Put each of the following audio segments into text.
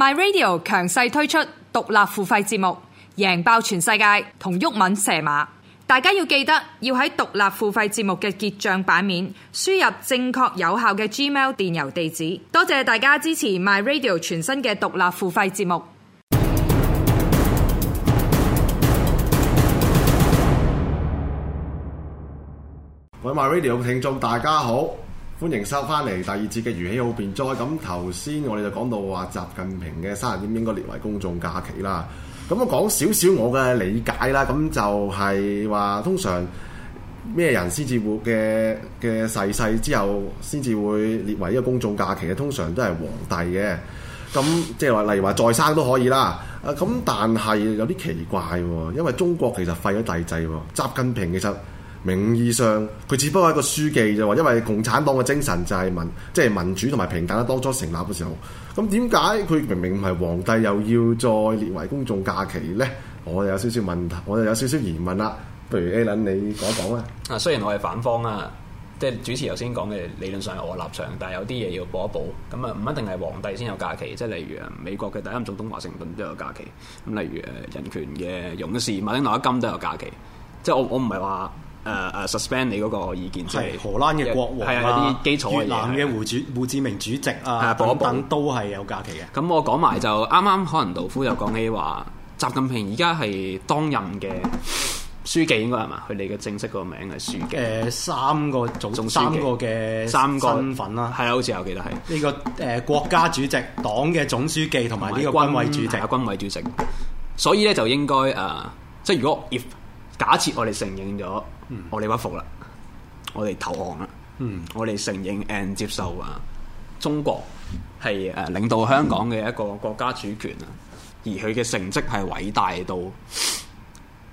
My Radio 強勢推出獨立付費節目，贏爆全世界同毓民蛇馬。大家要記得要喺獨立付費節目嘅結賬版面輸入正確有效嘅 Gmail 電郵地址。多謝大家支持 My Radio 全新嘅獨立付費節目。各位 My Radio 聽眾，大家好。歡迎收翻嚟第二節嘅《予豈好辯哉》。咁頭先我哋就講到話習近平嘅生日應唔應該列為公眾假期啦。咁我講少少我嘅理解啦。咁就係話通常咩人先至會嘅嘅逝世之後先至會列為一個公眾假期嘅？通常都係皇帝嘅。咁即係話例如話再生都可以啦。啊咁，但係有啲奇怪喎，因為中國其實廢咗帝制喎。習近平其實。名義上佢只不過係一個書記咋喎，因為共產黨嘅精神就係民即係、就是、民主同埋平等。當初成立嘅時候，咁點解佢明明唔係皇帝，又要再列為公眾假期咧？我就有少少問題，我就有少少疑問啦。不如 Allen 你講一講啦。啊，雖然我係反方啊，即係主持頭先講嘅理論上係我嘅立場，但係有啲嘢要補一補。咁啊，唔一定係皇帝先有假期，即係例如美國嘅第一任總統華盛頓都有假期。咁例如誒人權嘅勇士馬丁路德金都有假期。即係我我唔係話。誒誒 suspend 你嗰個意見，即係荷蘭嘅國王啊，基礎嘅嘢。越南嘅胡主胡志明主席啊，等等都係有假期嘅。咁我講埋就啱啱，可能杜夫又講起話，習近平而家係當任嘅書記應該係嘛？佢哋嘅正式個名係書記。誒三個總三個嘅三個身份啦，係啊，好似我記得係呢個誒國家主席、黨嘅總書記同埋呢個軍委主席啊，軍委主席。所以咧就應該誒，即係如果假設我哋承認咗，嗯、我哋屈服啦，我哋投降啦，嗯，我哋承認 and 接受啊，中國係誒的、呃、領導香港嘅一個國家主權啊，嗯、而佢嘅成績係偉大到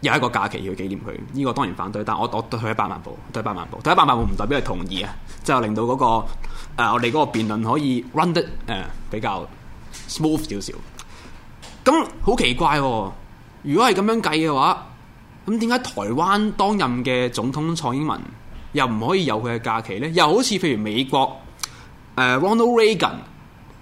有一個假期要紀念佢，呢、這個當然反對，但我我對佢一百萬步，對一百萬步，對一百萬步唔代表係同意啊，即係令到嗰、那個誒、呃、我哋嗰個辯論可以 run 得誒、呃、比較 smooth 少少，咁好奇怪、哦，如果係咁樣計嘅話。咁點解台灣當任嘅總統蔡英文又唔可以有佢嘅假期呢？又好似譬如美國，呃，Ronald Reagan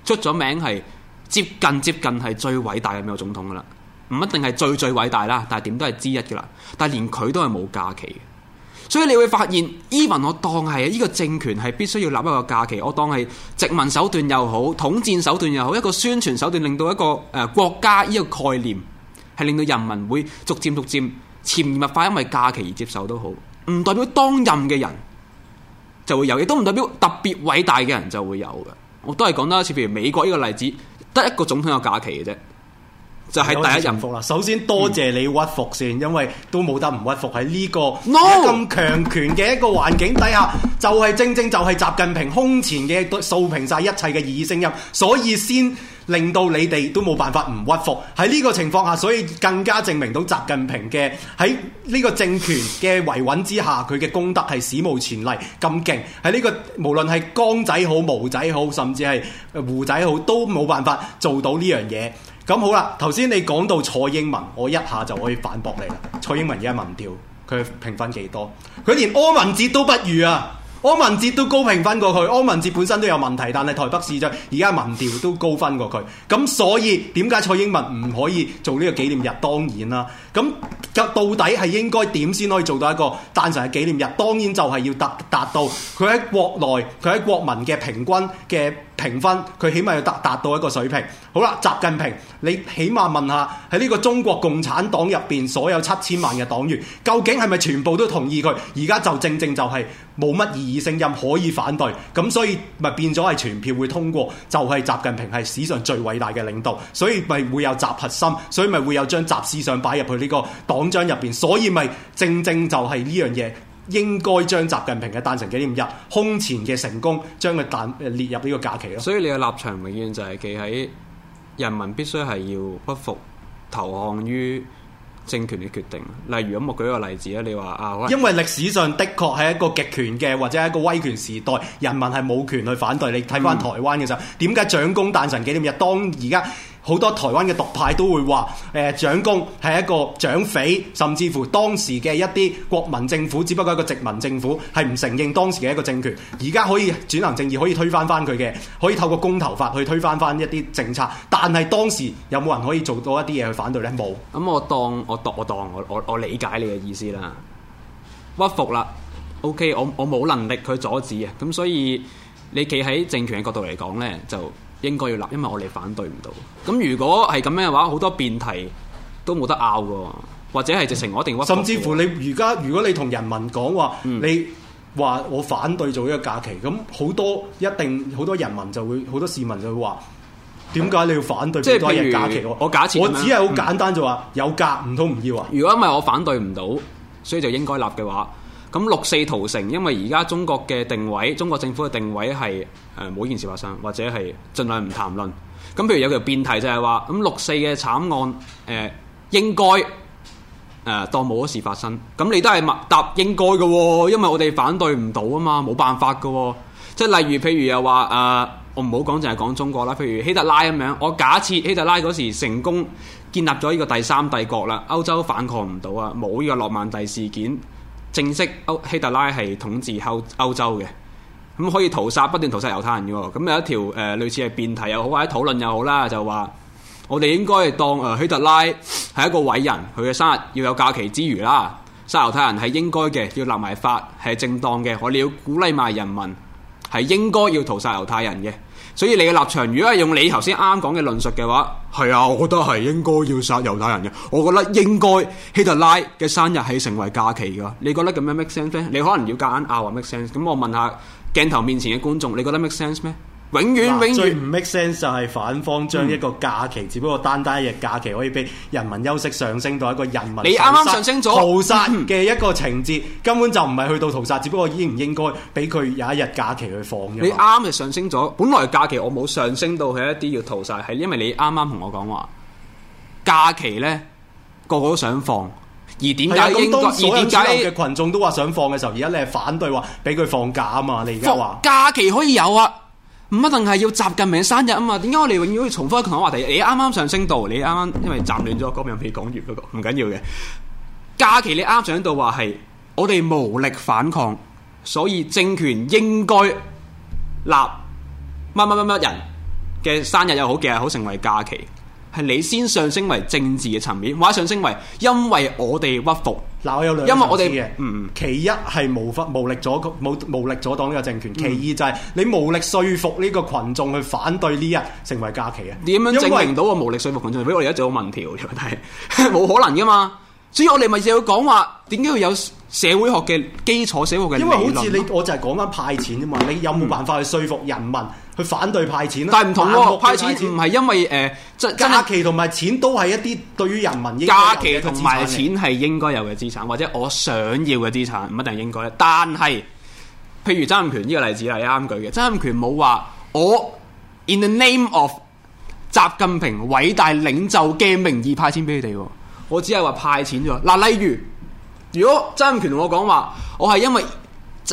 出咗名係接近接近係最偉大嘅美國總統噶啦，唔一定係最最偉大啦，但係點都係之一噶啦。但係連佢都係冇假期嘅，所以你會發現，even 我當係呢個政權係必須要立一個假期。我當係殖民手段又好，統戰手段又好，一個宣傳手段令到一個誒國家呢個概念係令到人民會逐漸逐漸。潛移默化，因為假期而接受都好，唔代表當任嘅人就會有，亦都唔代表特別偉大嘅人就會有嘅。我都係講多一次，譬如美國呢個例子，得一個總統有假期嘅啫。就喺第一任服啦。首先多謝你屈服先，因為都冇得唔屈服，喺呢個咁強權嘅一個環境底下，No! 就係正正就係習近平空前嘅掃平晒一切嘅異議聲音，所以先令到你哋都冇辦法唔屈服。喺呢個情況下，所以更加證明到習近平嘅喺呢個政權嘅維穩之下，佢嘅功德係史無前例咁勁。喺呢個無論係江仔好、毛仔好，甚至係胡仔好，都冇辦法做到呢樣嘢。咁好啦，頭先你講到蔡英文，我一下就可以反駁你啦。蔡英文而家民調佢評分幾多？佢連柯文哲都不如啊！柯文哲都高評分過佢，柯文哲本身都有問題，但係台北市長而家民調都高分過佢。咁所以點解蔡英文唔可以做呢個紀念日？當然啦。咁就到底係應該點先可以做到一個單純嘅紀念日？當然就係要達達到佢喺國內佢喺國民嘅平均嘅評分，佢起碼要達達到一個水平。好啦，習近平，你起碼問下喺呢個中國共產黨入邊所有七千萬嘅黨員，究竟係咪全部都同意佢？而家就正正就係冇乜異議聲音可以反對，咁所以咪變咗係全票會通過，就係、是、習近平係史上最偉大嘅領導，所以咪會有習核心，所以咪會有將習思想擺入去。呢個黨章入邊，所以咪正正就係呢樣嘢應該將習近平嘅誕辰紀念日空前嘅成功，將佢誕列入呢個假期咯。所以你嘅立場永遠就係企喺人民必須係要不服投降於政權嘅決定。例如咁，我舉一個例子啊，你話啊，因為歷史上的確係一個極權嘅或者係一個威權時代，人民係冇權去反對。你睇翻台灣嘅時候，點解蔣公誕辰紀念日？當而家。好多台灣嘅獨派都會話：誒、呃，蔣公係一個蔣匪，甚至乎當時嘅一啲國民政府，只不過一個殖民政府，係唔承認當時嘅一個政權。而家可以轉型正義，可以推翻翻佢嘅，可以透過公投法去推翻翻一啲政策。但係當時有冇人可以做到一啲嘢去反對呢？冇。咁、嗯、我當我度我當我我我理解你嘅意思啦。屈服啦。OK，我我冇能力去阻止啊。咁所以你企喺政權嘅角度嚟講呢。就。應該要立，因為我哋反對唔到。咁如果係咁樣嘅話，好多辯題都冇得拗嘅，或者係直情我一定屈服。甚至乎你而家，如果你同人民講話，嗯、你話我反對做一個假期，咁好多一定，好多人民就會好多市民就會話：點解你要反對？即係假期？我假設，我只係好簡單就話、嗯、有假唔通唔要啊？如果因為我反對唔到，所以就應該立嘅話。咁六四屠城，因為而家中國嘅定位，中國政府嘅定位係誒冇件事發生，或者係儘量唔談論。咁譬如有條辯題就係話，咁六四嘅慘案誒、呃、應該誒、呃、當冇事發生。咁你都係默答應該嘅、哦，因為我哋反對唔到啊嘛，冇辦法嘅、哦。即係例如譬如又話誒，我唔好講，淨係講中國啦。譬如希特拉咁樣，我假設希特拉嗰時成功建立咗呢個第三帝國啦，歐洲反抗唔到啊，冇呢個諾曼第事件。正式歐希特拉係統治歐歐洲嘅，咁可以屠殺，不斷屠殺猶太人嘅喎，咁有一條誒、呃、類似係辯題又好或者討論又好啦，就話我哋應該當誒希特拉係一個偉人，佢嘅生日要有假期之餘啦，殺猶太人係應該嘅，要立埋法係正當嘅，我哋要鼓勵埋人民。係應該要屠殺猶太人嘅，所以你嘅立場，如果係用你頭先啱講嘅論述嘅話，係啊，我覺得係應該要殺猶太人嘅。我覺得應該希特拉嘅生日係成為假期㗎。你覺得咁樣 make sense 咩？你可能要夾硬話 make sense。咁我問下鏡頭面前嘅觀眾，你覺得 make sense 咩？永遠、啊、永遠最唔 make sense 就係反方將一個假期，嗯、只不過單單一日假期可以俾人民休息上升到一個人民。你啱啱上升咗屠殺嘅一個情節，嗯、根本就唔係去到屠殺，嗯、只不過應唔應該俾佢有一日假期去放啫，你啱嘅上升咗，本來假期我冇上升到佢一啲要屠殺，係因為你啱啱同我講話假期呢個個都想放，而點解應該而點解嘅群眾都話想放嘅時候，而家你係反對話俾佢放假啊嘛？你而家話假期可以有啊？唔一定係要習近平生日啊嘛，點解我哋永遠都要重複一個同樣話題？你啱啱上升到，你啱啱因為站亂咗，講唔起講粵嗰個，唔緊要嘅。假期你啱上升到話係，我哋無力反抗，所以政權應該立乜乜乜乜人嘅生日又好，幾日，好成為假期，係你先上升為政治嘅層面，或者上升為因為我哋屈服。因嗱，我哋，嗯嗯，其一係無法無力阻冇無力阻擋呢個政權，嗯、其二就係你無力說服呢個群眾去反對呢日成為假期啊，點為樣證明到我無力說服群眾？俾我哋而家做問調，但係冇 可能噶嘛。所以我哋咪就要講話點解要有社會學嘅基礎、社會學嘅理論，因為好似你，我就係講緊派錢啫嘛。你有冇辦法去説服人民、嗯、去反對派錢，但係唔同喎，派錢唔係因為誒、呃、假期同埋錢都係一啲對於人民應假期同埋錢係應該有嘅資產，或者我想要嘅資產唔一定應該。但係譬如曾蔭權呢個例子係啱舉嘅，曾蔭權冇話我 In the name of 習近平偉大領袖嘅名義派錢俾你哋。我只係話派錢咋嗱，例如如果曾蔭權同我講話我係因為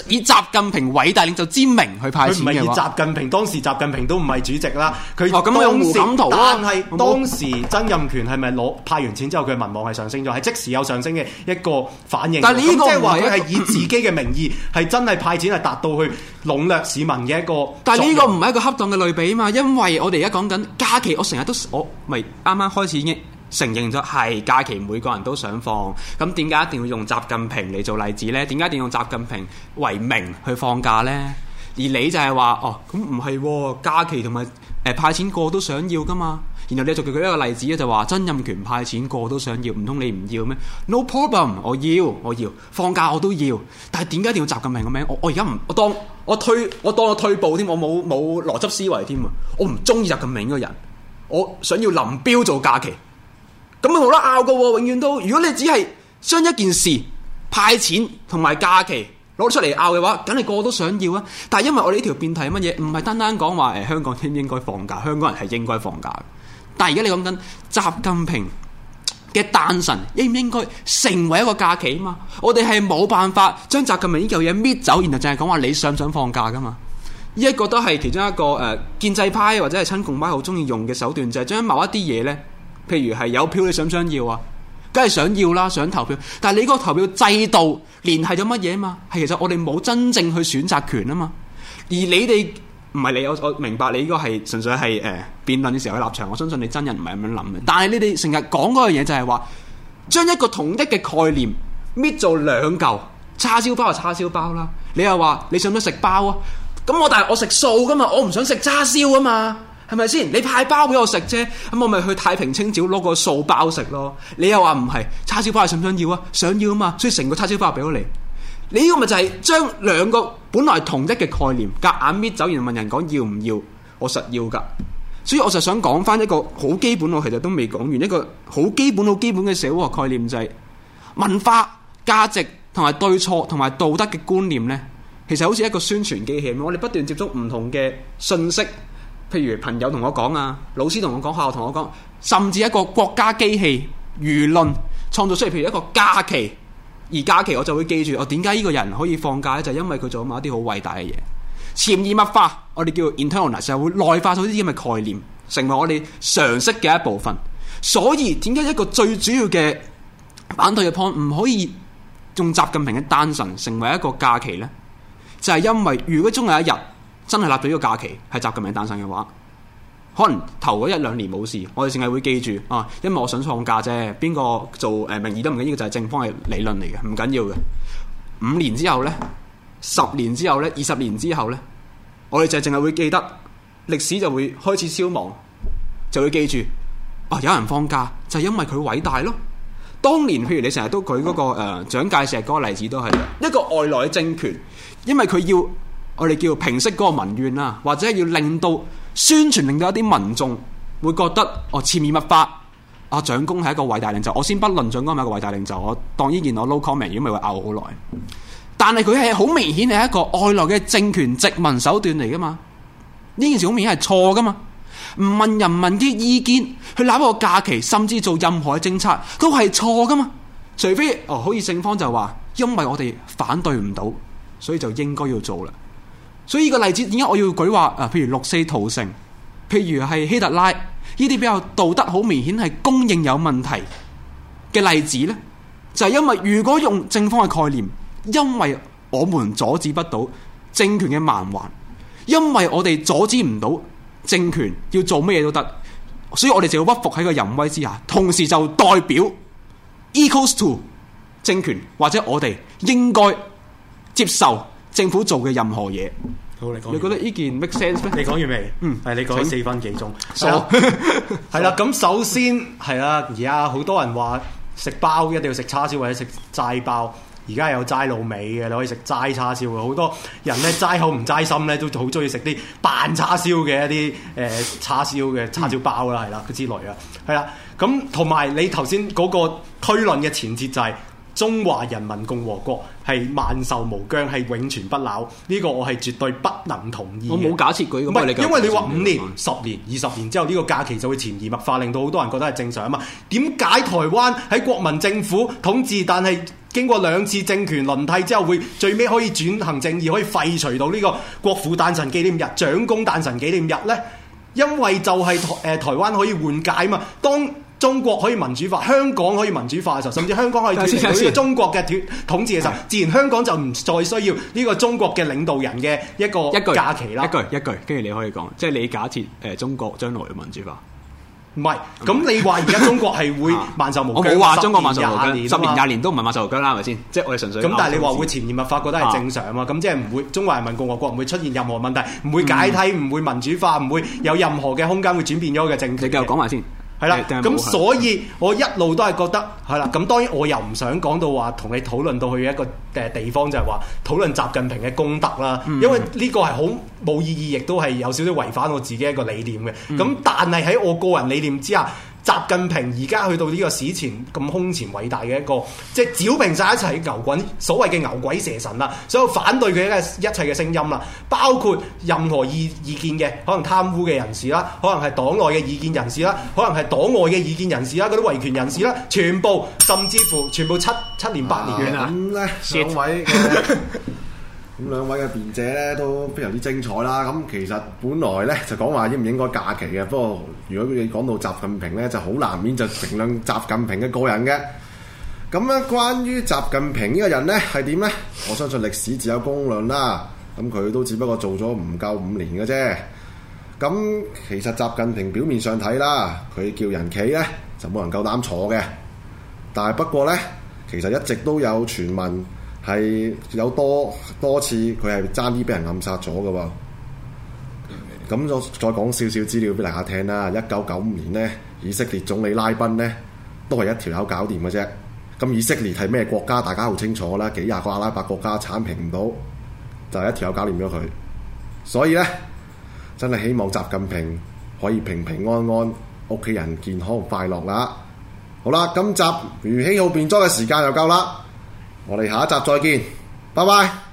以習近平偉大領袖之名去派錢嘅話，習近平當時習近平都唔係主席啦，佢哦咁啊，胡錦濤啦。但係當時曾蔭權係咪攞派完錢之後佢民望係上升咗，係即時有上升嘅一個反應。但係呢個即係話佢係以自己嘅名義，係真係派錢係達到去籠絡市民嘅一個。但係呢個唔係一個恰當嘅類比嘛，因為我哋而家講緊假期，我成日都我咪啱啱開始已經。承認咗係假期，每個人都想放。咁點解一定要用習近平嚟做例子呢？點解一定要用習近平為名去放假呢？而你就係話哦，咁唔係假期同埋、呃、派錢個都想要噶嘛？然後你就舉一個例子就話曾蔭權派錢個都想要，唔通你唔要咩？No problem，我要我要放假我都要。但係點解一定要習近平個名？我我而家唔我當我退我當我退步添，我冇冇邏輯思維添啊！我唔中意習近平嗰個人，我想要林彪做假期。咁咪冇得拗噶喎，永遠都如果你只係將一件事派錢同埋假期攞出嚟拗嘅話，梗係個個都想要啊！但係因為我哋呢條辯題係乜嘢？唔係單單講話誒香港應唔應該放假，香港人係應該放假嘅，但係而家你講緊習近平嘅誕辰應唔應該成為一個假期啊？嘛，我哋係冇辦法將習近平呢嚿嘢搣走，然後淨係講話你想唔想放假噶嘛？呢一個都係其中一個誒、呃、建制派或者係親共派好中意用嘅手段，就係、是、將某一啲嘢咧。譬如係有票你想唔想要啊？梗係想要啦，想投票。但係你個投票制度聯繫咗乜嘢啊嘛？係其實我哋冇真正去選擇權啊嘛。而你哋唔係你有，我明白你呢個係純粹係誒辯論嘅時候嘅立場。我相信你真人唔係咁樣諗嘅。但係你哋成日講嗰樣嘢就係話，將一個統一嘅概念搣做兩嚿叉燒包就叉燒包啦。你又話你想唔想食包啊？咁我但係我食素噶嘛，我唔想食叉燒啊嘛。係咪先？你派包俾我食啫，咁我咪去太平清醮攞個素包食咯。你又話唔係叉燒包，你想唔想要啊？想要啊嘛，所以成個叉燒包就俾咗你。你呢個咪就係將兩個本來同一嘅概念夾硬搣走，然後問人講要唔要？我實要噶，所以我就想講翻一個好基本，我其實都未講完一個好基本、好基本嘅社會學概念，就是，就係文化價值同埋對錯同埋道德嘅觀念呢，其實好似一個宣傳機器，我哋不斷接觸唔同嘅信息。譬如朋友同我講啊，老師同我講，學校同我講，甚至一個國家機器、輿論創造出嚟。譬如一個假期，而假期我就會記住，我點解呢個人可以放假呢？就係因為佢做咗某一啲好偉大嘅嘢，潛移默化，我哋叫 internalize 會內化咗啲咁嘅概念，成為我哋常識嘅一部分。所以點解一個最主要嘅反對嘅 point 唔可以用習近平嘅誕辰成為一個假期呢？就係因為如果終有一日，真係立到呢個假期係習近平誕生嘅話，可能頭嗰一兩年冇事，我哋淨係會記住啊，因為我想放假啫。邊個做誒名義都唔緊要，就係、是、正方嘅理論嚟嘅，唔緊要嘅。五年之後呢，十年之後呢，二十年之後呢，我哋就淨係會記得歷史就會開始消亡，就會記住啊，有人放假就係、是、因為佢偉大咯。當年譬如你成日都舉嗰、那個誒蔣、呃、介石嗰個例子都係一個外來嘅政權，因為佢要。我哋叫平息嗰個民怨啊，或者要令到宣傳，令到一啲民眾會覺得哦，我潛移默化，阿、啊、長公係一個偉大領袖。我先不論長公係一個偉大領袖，我當呢件我 no comment，如果咪會拗好耐。但係佢係好明顯係一個外來嘅政權殖民手段嚟噶嘛？呢件事好明顯係錯噶嘛？唔問人民嘅意見，去攬個假期，甚至做任何嘅政策都係錯噶嘛？除非哦，好似正方就話，因為我哋反對唔到，所以就應該要做啦。所以呢個例子點解我要舉話啊？譬如六四屠城，譬如係希特拉，呢啲比較道德好明顯係供應有問題嘅例子呢就係、是、因為如果用正方嘅概念，因為我們阻止不到政權嘅蠻橫，因為我哋阻止唔到政權要做乜嘢都得，所以我哋就要屈服喺個淫威之下，同時就代表 equals to 政權或者我哋應該接受。政府做嘅任何嘢，好你講。你覺得呢件 make sense 咩？你講完未？嗯，係你講咗四分幾鐘？係啦，咁首先係啦，而家好多人話食包一定要食叉燒或者食齋包，而家有齋鹵味嘅，你可以食齋叉燒嘅。好多人咧齋口唔齋心咧，都好中意食啲扮叉燒嘅一啲誒叉燒嘅叉，叉燒包啦，係啦，之類啊，係啦。咁同埋你頭先嗰個推論嘅前設就係。中華人民共和國係萬壽無疆，係永存不朽。呢、這個我係絕對不能同意。我冇假設佢，因為你話五年、十年、二十年之後，呢個假期就會潛移默化，令到好多人覺得係正常啊嘛。點解台灣喺國民政府統治，但係經過兩次政權輪替之後，會最尾可以轉型正義，可以廢除到呢個國父誕辰紀念日、蔣公誕辰紀念日呢？因為就係誒台灣可以緩解嘛。當中國可以民主化，香港可以民主化嘅時候，甚至香港可以取代中國嘅統治嘅時候， 的自然香港就唔再需要呢個中國嘅領導人嘅一個假期啦。一句一句，跟住你可以講，即係你假設誒中國將來嘅民主化，唔係咁你話而家中國係會萬壽無疆？我冇話中國萬壽無疆，十年廿年，年都唔係萬壽無疆啦，係咪先？即係我哋純粹咁。但係你話會潛移默化，覺得係正常啊嘛？咁即係唔會中華人民共和國唔會出現任何問題，唔、嗯、會解體，唔會民主化，唔會有任何嘅空間會轉變咗嘅政權。你繼續講埋先。係啦，咁所以我一路都係覺得係啦，咁當然我又唔想講到話同你討論到去一個誒地方就，就係話討論習近平嘅功德啦，嗯、因為呢個係好冇意義，亦都係有少少違反我自己一個理念嘅。咁但係喺我個人理念之下。習近平而家去到呢個史前咁空前偉大嘅一個，即係剿平晒一齊牛鬼、所謂嘅牛鬼蛇神啦，所有反對佢嘅一切嘅聲音啦，包括任何意意見嘅，可能貪污嘅人士啦，可能係黨內嘅意見人士啦，可能係黨外嘅異見人士啦，嗰啲維權人士啦，全部甚至乎全部七七年八年啊，咁咧上位。shit. 咁兩位嘅辯者咧都非常之精彩啦。咁其實本來咧就講話應唔應該假期嘅，不過如果你講到習近平咧，就好難免就評論習近平嘅個人嘅。咁、嗯、咧，關於習近平呢個人咧係點咧？我相信歷史自有公論啦。咁、嗯、佢都只不過做咗唔夠五年嘅啫。咁、嗯、其實習近平表面上睇啦，佢叫人企咧就冇人夠膽坐嘅。但係不過咧，其實一直都有傳聞。係有多多次佢係爭啲俾人暗殺咗嘅喎，咁我再講少少資料俾大家聽啦。一九九五年呢，以色列總理拉賓呢都係一條友搞掂嘅啫。咁以色列係咩國家？大家好清楚啦。幾廿個阿拉伯國家鏟平唔到，就係、是、一條友搞掂咗佢。所以呢，真係希望習近平可以平平安安，屋企人健康快樂啦。好啦，今集予豈好辯哉嘅時間又夠啦。我哋下一集再見，拜拜。